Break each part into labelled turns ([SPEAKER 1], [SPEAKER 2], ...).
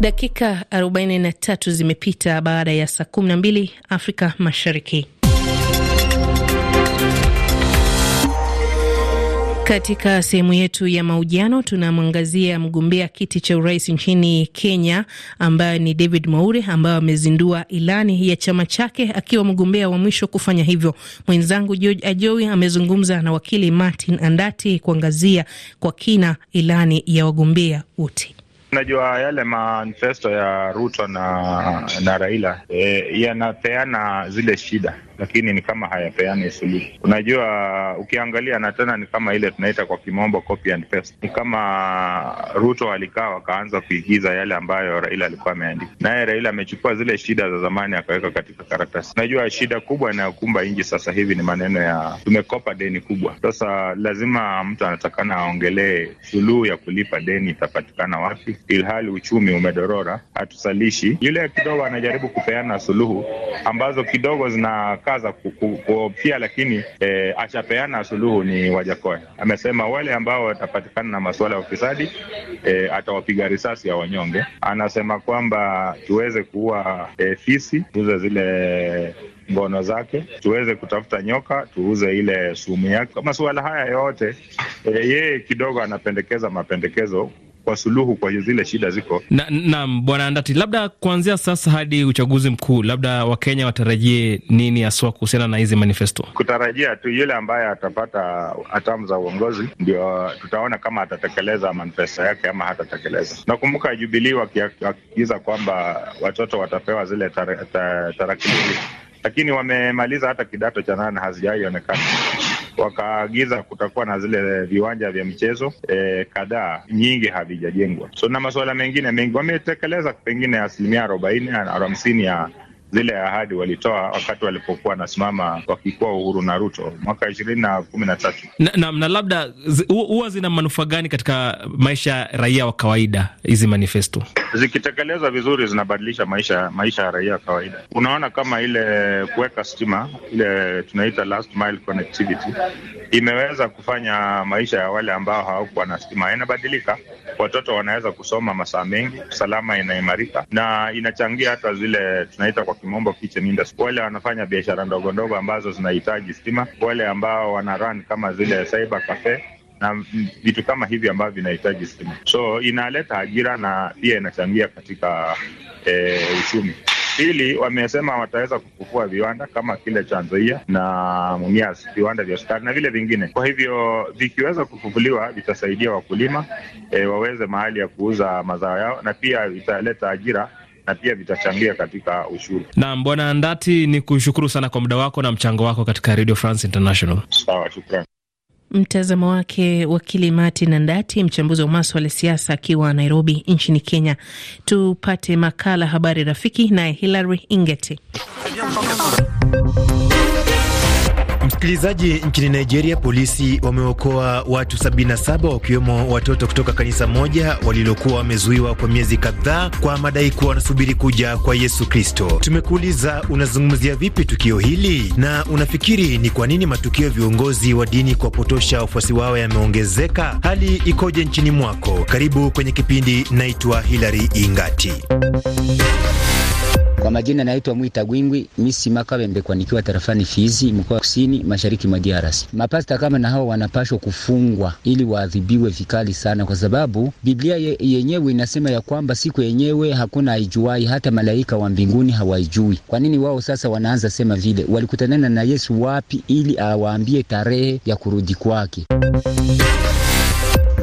[SPEAKER 1] Dakika 43 zimepita baada ya saa 12 Afrika Mashariki. Katika sehemu yetu ya mahojiano tunamwangazia mgombea kiti cha urais nchini Kenya ambaye ni David Mwaure ambaye amezindua ilani ya chama chake akiwa mgombea wa mwisho kufanya hivyo. Mwenzangu George Ajowi amezungumza na wakili Martin Andati kuangazia kwa kina ilani ya wagombea wote.
[SPEAKER 2] Unajua yale manifesto ya Ruto na na Raila e, yanapeana zile shida lakini ni kama hayapeani suluhu. Unajua, ukiangalia na tena ni kama ile tunaita kwa kimombo copy and paste. Ni kama Ruto alikaa wakaanza kuigiza yale ambayo Raila alikuwa ameandika, naye Raila amechukua zile shida za zamani akaweka katika karatasi. Unajua, shida kubwa inayokumba nchi sasa hivi ni maneno ya tumekopa deni kubwa. Sasa lazima mtu anatakana aongelee suluhu ya kulipa deni itapatikana wapi, ilhali uchumi umedorora, hatusalishi. Yule kidogo anajaribu kupeana suluhu ambazo kidogo zina amekaza kuopia, lakini e, eh, achapeana suluhu ni Wajakoya. Amesema wale ambao watapatikana na masuala ya ufisadi e, atawapiga risasi ya wanyonge. Anasema kwamba tuweze kuua e, fisi tuuze zile ngono zake, tuweze kutafuta nyoka tuuze ile sumu yake. Masuala haya yote e, yeye kidogo anapendekeza mapendekezo kwa suluhu kwa zile shida ziko.
[SPEAKER 3] Naam na, Bwana Andati, labda kuanzia sasa hadi uchaguzi mkuu, labda Wakenya watarajie nini haswa kuhusiana na hizi manifesto?
[SPEAKER 2] Kutarajia tu yule ambaye atapata hatamu za uongozi, ndio tutaona kama atatekeleza manifesto yake ama hatatekeleza. Nakumbuka Jubilii wakiagiza kwamba watoto watapewa zile tar, tar, tarakilishi, lakini wamemaliza hata kidato cha nane hazijawaionekana wakaagiza kutakuwa na zile viwanja vya mchezo e, kadhaa nyingi havijajengwa, so na masuala mengine mengi wametekeleza pengine asilimia arobaini hamsini ya zile ahadi walitoa wakati walipokuwa wanasimama wakikuwa Uhuru na Ruto mwaka ishirini na kumi na tatu
[SPEAKER 3] nam na labda huwa zina manufaa gani katika maisha ya raia wa kawaida? Hizi manifesto
[SPEAKER 2] zikitekelezwa vizuri zinabadilisha maisha maisha ya raia wa kawaida. Unaona kama ile kuweka stima ile tunaita last mile connectivity imeweza kufanya maisha ya wale ambao hawakuwa na stima inabadilika. Watoto wanaweza kusoma masaa mengi, usalama inaimarika na inachangia hata zile tunaita kwa kimombo kitchen industry, wale wanafanya biashara ndogo ndogo ambazo zinahitaji stima, wale ambao wana run kama zile cyber cafe na vitu kama hivi ambavyo vinahitaji stima. So inaleta ajira na pia inachangia katika e, uchumi. Pili, wamesema wataweza kufufua viwanda kama kile cha Nzoia na Mumias, viwanda vya sukari na vile vingine. Kwa hivyo vikiweza kufufuliwa vitasaidia wakulima e, waweze mahali ya kuuza mazao yao, na pia italeta ajira na pia vitachangia katika ushuru.
[SPEAKER 3] Naam, Bwana Ndati, ni kushukuru sana kwa muda wako na mchango wako katika Radio France International.
[SPEAKER 2] Sawa, shukrani.
[SPEAKER 1] Mtazamo wake wakili Martin Ndati, mchambuzi wa maswala ya siasa akiwa Nairobi nchini Kenya. Tupate makala habari rafiki, naye Hilary Ingeti
[SPEAKER 3] Msikilizaji, nchini Nigeria polisi wameokoa watu 77 wakiwemo watoto kutoka kanisa moja walilokuwa wamezuiwa kwa miezi kadhaa kwa madai kuwa wanasubiri kuja kwa Yesu Kristo. Tumekuuliza, unazungumzia vipi tukio hili na unafikiri ni kwa nini matukio ya viongozi wa dini kuwapotosha wafuasi wao yameongezeka? Hali ikoje nchini mwako? Karibu kwenye kipindi. Naitwa Hilary Ingati.
[SPEAKER 4] Kwa majina naitwa Mwita Gwingwi misi Makabembe kwa nikiwa tarafani Fizi, mkoa kusini mashariki mwa DRC. Mapasta kama na hao wanapashwa kufungwa ili waadhibiwe vikali sana, kwa sababu Biblia ye, yenyewe inasema ya kwamba siku yenyewe hakuna aijuai, hata malaika wa mbinguni hawaijui. Kwa nini wao sasa wanaanza sema vile? Walikutanana na Yesu wapi ili awaambie tarehe ya kurudi kwake?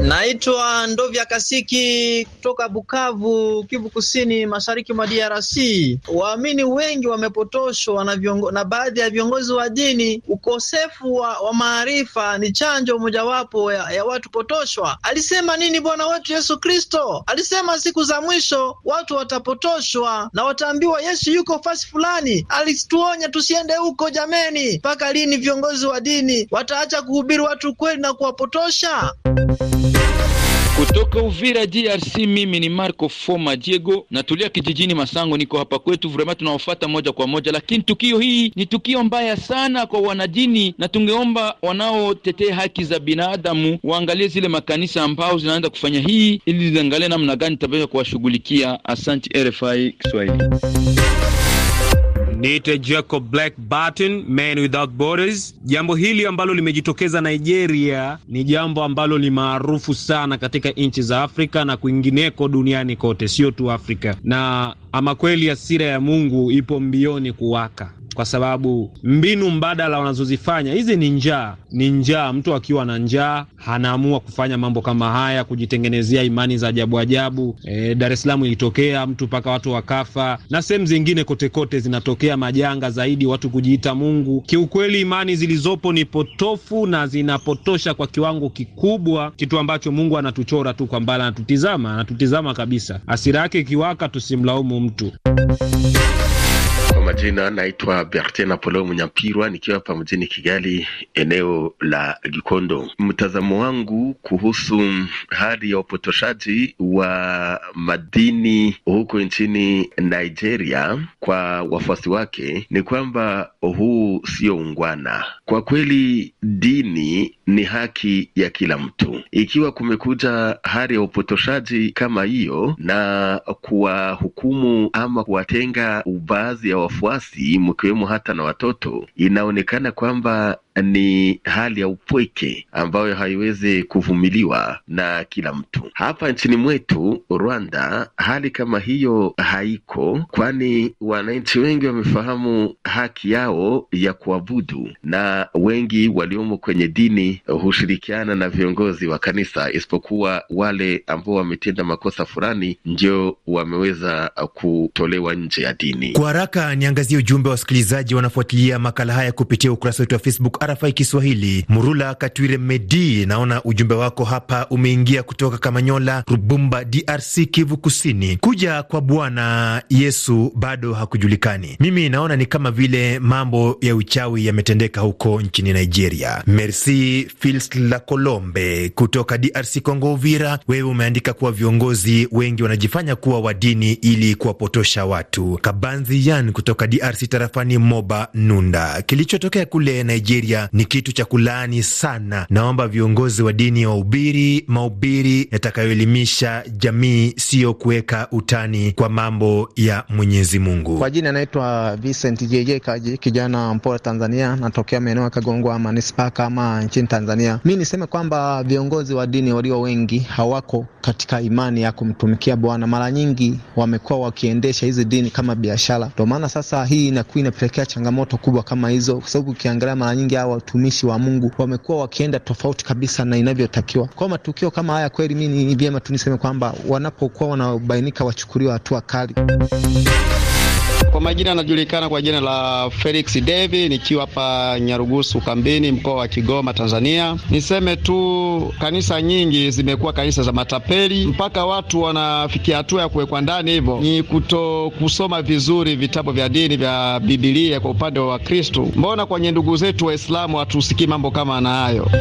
[SPEAKER 2] Naitwa Ndovya Kasiki
[SPEAKER 4] kutoka Bukavu, Kivu Kusini, mashariki mwa DRC. Waamini wengi wamepotoshwa na, na baadhi ya viongozi wa dini. Ukosefu wa, wa maarifa ni chanjo mojawapo ya, ya watu potoshwa. Alisema nini Bwana wetu Yesu Kristo? Alisema siku za mwisho watu watapotoshwa na wataambiwa Yesu yuko fasi fulani, alituonya tusiende huko. Jameni, mpaka lini viongozi wa dini wataacha kuhubiri watu kweli na kuwapotosha?
[SPEAKER 5] Kutoka Uvira DRC, mimi ni Marco Foma Diego, natulia kijijini Masango, niko hapa kwetu. Vrema tunawafuata moja kwa moja, lakini tukio hii ni tukio mbaya sana kwa wanadini, na tungeomba wanaotetea haki za binadamu waangalie zile makanisa ambao zinaanza kufanya hii, ili ziangalie namna gani itaweza kuwashughulikia. Asante RFI Kiswahili
[SPEAKER 3] niite Jacob Black Barton, Man Without Borders. Jambo hili ambalo limejitokeza Nigeria ni jambo ambalo ni maarufu sana katika nchi za Afrika na kwingineko duniani kote, sio tu Afrika, na ama kweli, hasira ya Mungu ipo mbioni kuwaka kwa sababu mbinu mbadala wanazozifanya hizi ni njaa, ni njaa. Mtu akiwa na njaa anaamua kufanya mambo kama haya, kujitengenezea imani za ajabu ajabu. E, Dar es Salaam ilitokea mtu mpaka watu wakafa, na sehemu zingine kotekote zinatokea majanga zaidi, watu kujiita Mungu. Kiukweli imani zilizopo ni potofu na zinapotosha kwa kiwango kikubwa, kitu ambacho Mungu anatuchora tu kwa mbali, anatutizama, anatutizama kabisa. Hasira yake ikiwaka, tusimlaumu mtu.
[SPEAKER 5] Kwa majina naitwa Bertin Napoleo Munyampirwa nikiwa hapa mjini Kigali, eneo la Gikondo. Mtazamo wangu kuhusu hali ya upotoshaji wa madini huko nchini Nigeria kwa wafuasi wake ni kwamba huu sio ungwana. Kwa kweli, dini ni haki ya kila mtu. Ikiwa kumekuja hali ya upotoshaji kama hiyo na kuwahukumu ama kuwatenga baadhi ya wafuasi mkiwemo hata na watoto, inaonekana kwamba ni hali ya upweke ambayo haiwezi kuvumiliwa na kila mtu. Hapa nchini mwetu Rwanda, hali kama hiyo haiko, kwani wananchi wengi wamefahamu haki yao ya kuabudu, na wengi waliomo kwenye dini hushirikiana na viongozi wa kanisa, isipokuwa wale ambao wametenda makosa fulani ndio wameweza kutolewa nje ya dini. Kwa
[SPEAKER 3] haraka niangazie ujumbe wa wasikilizaji wanafuatilia makala haya kupitia ukurasa wetu wa Facebook RFI Kiswahili. Murula Katwire Medi, naona ujumbe wako hapa umeingia kutoka Kamanyola, Rubumba, DRC, Kivu Kusini. Kuja kwa Bwana Yesu bado hakujulikani. Mimi naona ni kama vile mambo ya uchawi yametendeka huko nchini Nigeria. Merci Fils la Colombe kutoka DRC Congo, Uvira, wewe umeandika kuwa viongozi wengi wanajifanya kuwa wa dini ili kuwapotosha watu. Kabanzi Yan kutoka DRC tarafani Moba Nunda, kilichotokea kule Nigeria moja ni kitu cha kulaani sana. Naomba viongozi wa dini wahubiri mahubiri yatakayoelimisha jamii, siyo kuweka utani kwa mambo ya Mwenyezi Mungu. Kwa jina anaitwa Vincent JJ Kaji, kijana mpole Tanzania, natokea maeneo ya Kagongwa manispaa kama nchini Tanzania. Mi niseme kwamba viongozi wa dini walio wengi hawako katika imani ya kumtumikia Bwana. Mara nyingi wamekuwa wakiendesha hizi dini kama biashara, ndo maana sasa hii inakuwa inapelekea changamoto kubwa kama hizo, kwa sababu ukiangalia mara nyingi watumishi wa Mungu wamekuwa wakienda tofauti kabisa na inavyotakiwa. Kwa matukio kama haya, kweli mi ni vyema tuniseme kwamba wanapokuwa wanabainika wachukuliwa hatua kali.
[SPEAKER 5] Kwa majina anajulikana kwa jina la Felix Devi, nikiwa hapa Nyarugusu kambini, mkoa wa Kigoma, Tanzania. Niseme tu kanisa nyingi zimekuwa kanisa za matapeli, mpaka watu wanafikia hatua ya kuwekwa ndani. Hivyo ni kuto kusoma vizuri vitabu vya dini vya Bibilia kwa upande wa Kristu. Mbona kwenye ndugu zetu Waislamu hatusikii mambo kama na hayo?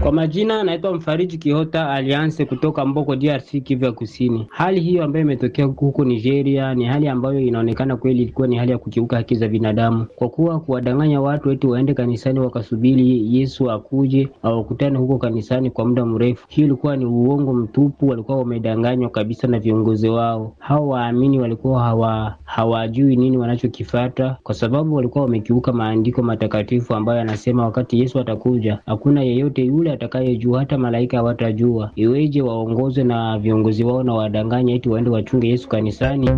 [SPEAKER 4] Kwa majina naitwa Mfariji Kihota Alliance kutoka Mboko, DRC, Kivu ya Kusini. Hali hiyo ambayo imetokea huko Nigeria ni hali ambayo inaonekana kweli ilikuwa ni hali ya kukiuka haki za binadamu, kwa kuwa kuwadanganya watu eti waende kanisani wakasubiri Yesu akuje awakutane huko kanisani kwa muda mrefu. hiyo ilikuwa ni uongo mtupu, walikuwa wamedanganywa kabisa na viongozi wao. Hao waamini walikuwa hawa hawajui nini wanachokifata, kwa sababu walikuwa wamekiuka maandiko matakatifu ambayo yanasema wakati Yesu atakuja hakuna yeyote yule yule atakayejua, hata malaika hawatajua. Iweje waongozwe na viongozi wao na wadanganya eti waende wachunge Yesu kanisani?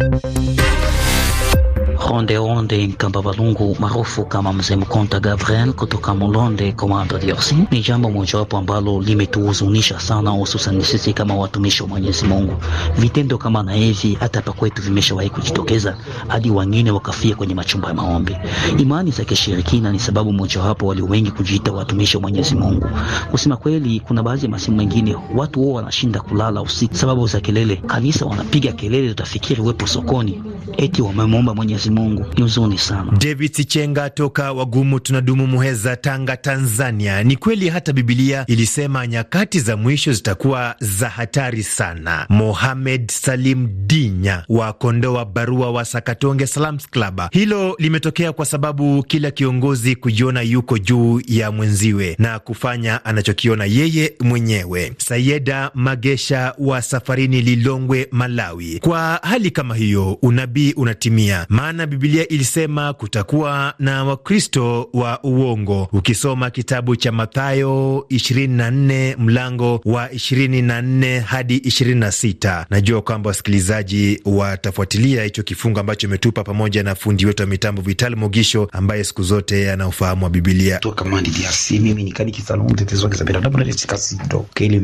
[SPEAKER 4] Ronde Onde Nkamba Balungu maarufu kama Mzee Mkonta Gabriel kutoka Mulonde Komando DRC ni jambo mojawapo ambalo limetuhuzunisha sana, hususan sisi kama watumishi wa Mwenyezi Mungu. Vitendo kama na hivi hata pa kwetu vimeshawahi kujitokeza, hadi wengine wakafia kwenye machumba ya maombi. Imani za kishirikina ni sababu mojawapo walio wengi kujiita watumishi wa Mwenyezi Mungu. Kusema kweli, kuna baadhi ya masimu mengine watu wao wanashinda kulala usiku sababu za kelele. Kanisa wanapiga kelele, utafikiri wepo sokoni, eti wamemwomba Mwenyezi Mungu, ni huzuni sana.
[SPEAKER 3] David Sichenga toka Wagumu tunadumu Muheza, Tanga, Tanzania. Ni kweli hata Bibilia ilisema nyakati za mwisho zitakuwa za hatari sana. Mohamed Salim Dinya wa Kondoa Barua wa Sakatonge Slams Club, hilo limetokea kwa sababu kila kiongozi kujiona yuko juu ya mwenziwe na kufanya anachokiona yeye mwenyewe. Sayeda Magesha wa Safarini Lilongwe, Malawi: kwa hali kama hiyo unabii unatimia, maana Jana Bibilia ilisema kutakuwa na Wakristo wa uongo. Ukisoma kitabu cha Mathayo 24 mlango wa 24 hadi 26, najua kwamba wasikilizaji watafuatilia hicho kifungo ambacho imetupa pamoja na fundi wetu wa mitambo Vitali Mogisho ambaye siku zote ana ufahamu wa Bibilia.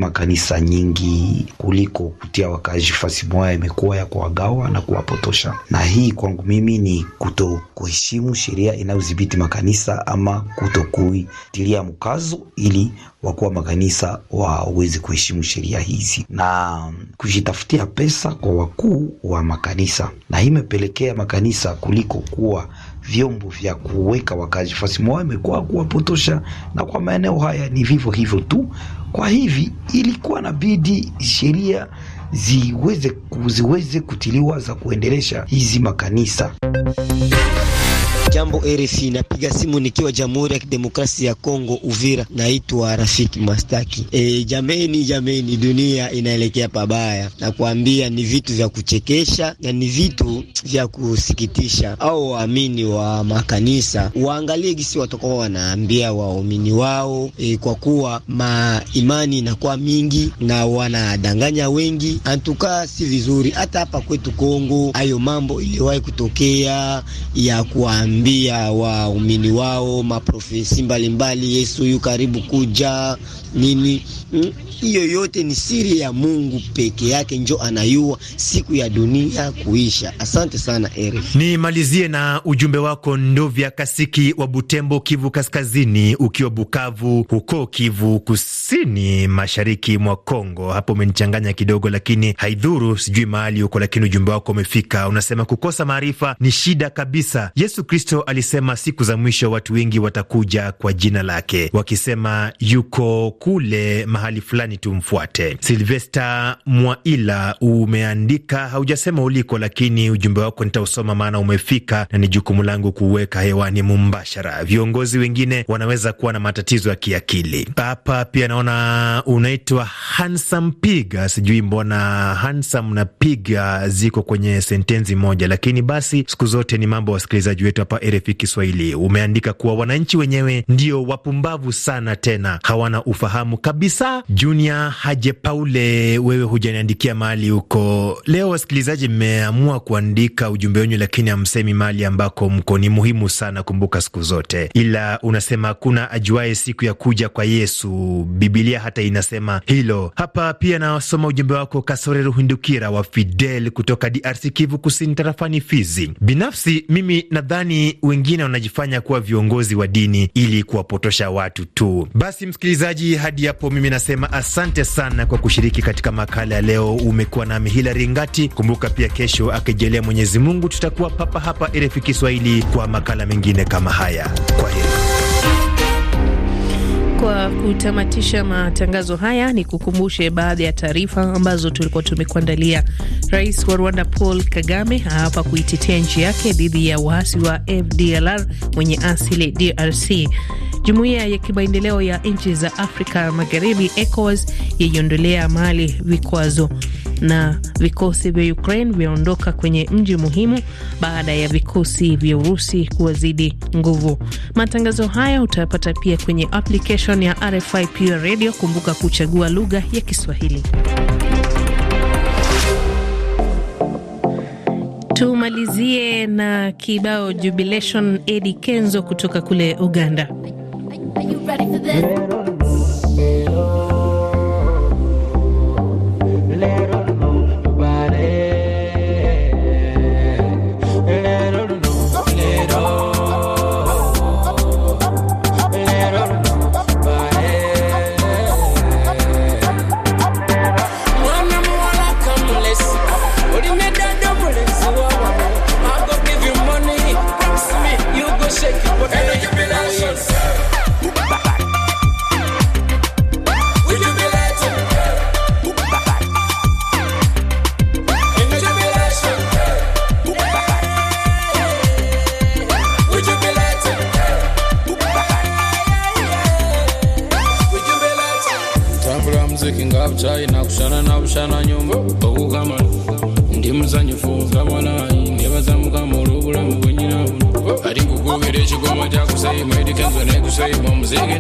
[SPEAKER 3] makanisa nyingi kuliko kutia wakaaji fasi moya imekuwa ya kuwagawa na kuwapotosha, na hii kwangu mimi ni ni kuto kuheshimu sheria inayodhibiti makanisa ama kutokuitilia mkazo ili wakuwa makanisa waweze kuheshimu sheria hizi na kujitafutia pesa kwa wakuu wa makanisa, na hii imepelekea makanisa kuliko kuwa vyombo vya kuweka wakazi fasi mwao, imekuwa kuwapotosha, na kwa maeneo haya ni vivyo hivyo tu. Kwa hivi ilikuwa na bidi sheria ziweze, ziweze kutiliwa za kuendelesha hizi makanisa
[SPEAKER 4] Jambo RFI, napiga simu nikiwa Jamhuri ya Kidemokrasia ya Kongo, Uvira. Naitwa Rafiki Mastaki. E, jameni, jameni, dunia inaelekea pabaya, nakwambia ni vitu vya kuchekesha na ni vitu vya kusikitisha. Au waamini wa makanisa waangalie gisi watakuwa wanaambia waumini wao e, kwa kuwa maimani inakuwa mingi na wanadanganya wengi, antuka si vizuri. Hata hapa kwetu Kongo hayo mambo iliwahi kutokea ya kuamini kuambia waumini wao maprofesi mbalimbali, Yesu yu karibu kuja nini. Hmm? Hiyo yote ni siri ya Mungu peke yake, njo anayua siku ya dunia kuisha. Asante sana
[SPEAKER 3] Ni malizie na ujumbe wako Ndovya Kasiki wa Butembo, Kivu Kaskazini, ukiwa Bukavu huko Kivu Kusini, mashariki mwa Kongo. Hapo umenichanganya kidogo, lakini haidhuru, sijui mahali huko, lakini ujumbe wako umefika. Unasema kukosa maarifa ni shida kabisa. Yesu Kristo Kristo alisema siku za mwisho watu wengi watakuja kwa jina lake wakisema yuko kule mahali fulani, tumfuate. Silvesta Mwaila, umeandika haujasema uliko, lakini ujumbe wako nitausoma maana umefika na ni jukumu langu kuuweka hewani mumbashara. Viongozi wengine wanaweza kuwa na matatizo ya kiakili. Hapa pia naona unaitwa Hansam Piga, sijui mbona Hansam na Piga ziko kwenye sentensi moja, lakini basi siku zote ni mambo wasikilizaji wetu hapa rf RFI Kiswahili umeandika kuwa wananchi wenyewe ndio wapumbavu sana, tena hawana ufahamu kabisa. Junior Haje Paule, wewe hujaniandikia mahali huko leo. Wasikilizaji, mmeamua kuandika ujumbe wenyu, lakini hamsemi mahali ambako mko. Ni muhimu sana kumbuka siku zote, ila unasema hakuna ajuaye siku ya kuja kwa Yesu. Bibilia hata inasema hilo. Hapa pia nasoma ujumbe wako Kasore Ruhindukira wa Fidel kutoka DRC, Kivu Kusini, tarafani Fizi. Binafsi mimi nadhani wengine wanajifanya kuwa viongozi wa dini ili kuwapotosha watu tu. Basi msikilizaji, hadi hapo mimi nasema asante sana kwa kushiriki katika makala ya leo. Umekuwa nami Hilari Ngati. Kumbuka pia kesho, akijelea Mwenyezi Mungu, tutakuwa papa hapa RFI Kiswahili kwa makala mengine kama haya. Kwa heri.
[SPEAKER 1] Kwa kutamatisha matangazo haya, ni kukumbushe baadhi ya taarifa ambazo tulikuwa tumekuandalia. Rais wa Rwanda Paul Kagame hapa kuitetea nchi yake dhidi ya waasi wa FDLR mwenye asili DRC. Jumuiya ya kimaendeleo ya nchi za Afrika Magharibi ECOWAS yaiondolea Mali vikwazo na vikosi vya Ukraine vyaondoka kwenye mji muhimu baada ya vikosi vya Urusi kuwazidi nguvu. Matangazo haya utayapata pia kwenye application ya RFI Pure Radio. Kumbuka kuchagua lugha ya Kiswahili. Tumalizie na kibao Jubilation Eddie Kenzo kutoka kule Uganda. Are you ready for this?
[SPEAKER 5] sana nyumba okukama ndi musanyufu gabanayi nebaza mukama olwobulamu
[SPEAKER 2] bwenyinabo ali nkugubira ekigoma kyakusiima omuzigi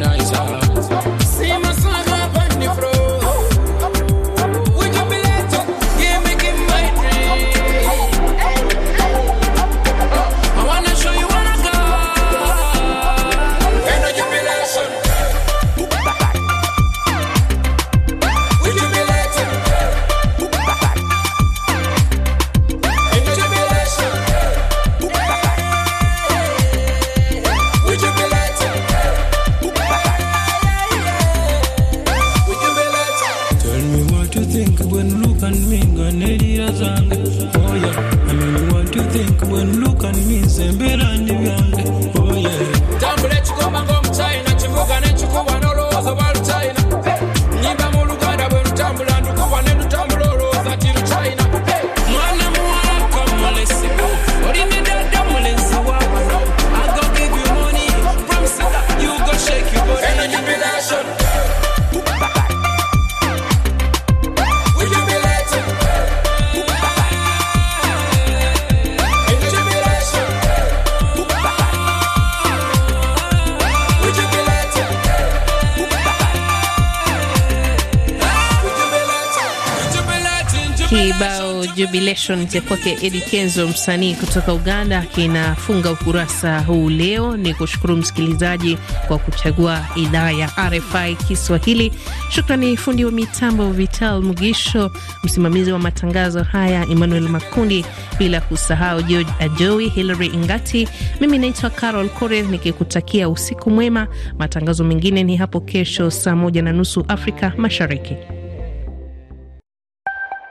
[SPEAKER 1] Kibao Jubilation cha kwake Edi Kenzo, msanii kutoka Uganda, kinafunga ukurasa huu leo. Ni kushukuru msikilizaji kwa kuchagua idhaa ya RFI Kiswahili. Shukrani fundi wa mitambo Vital Mugisho, msimamizi wa matangazo haya Emmanuel Makundi, bila kusahau George ajoi Hilary Ingati. Mimi naitwa Carol Core nikikutakia usiku mwema. Matangazo mengine ni hapo kesho saa moja na nusu Afrika Mashariki.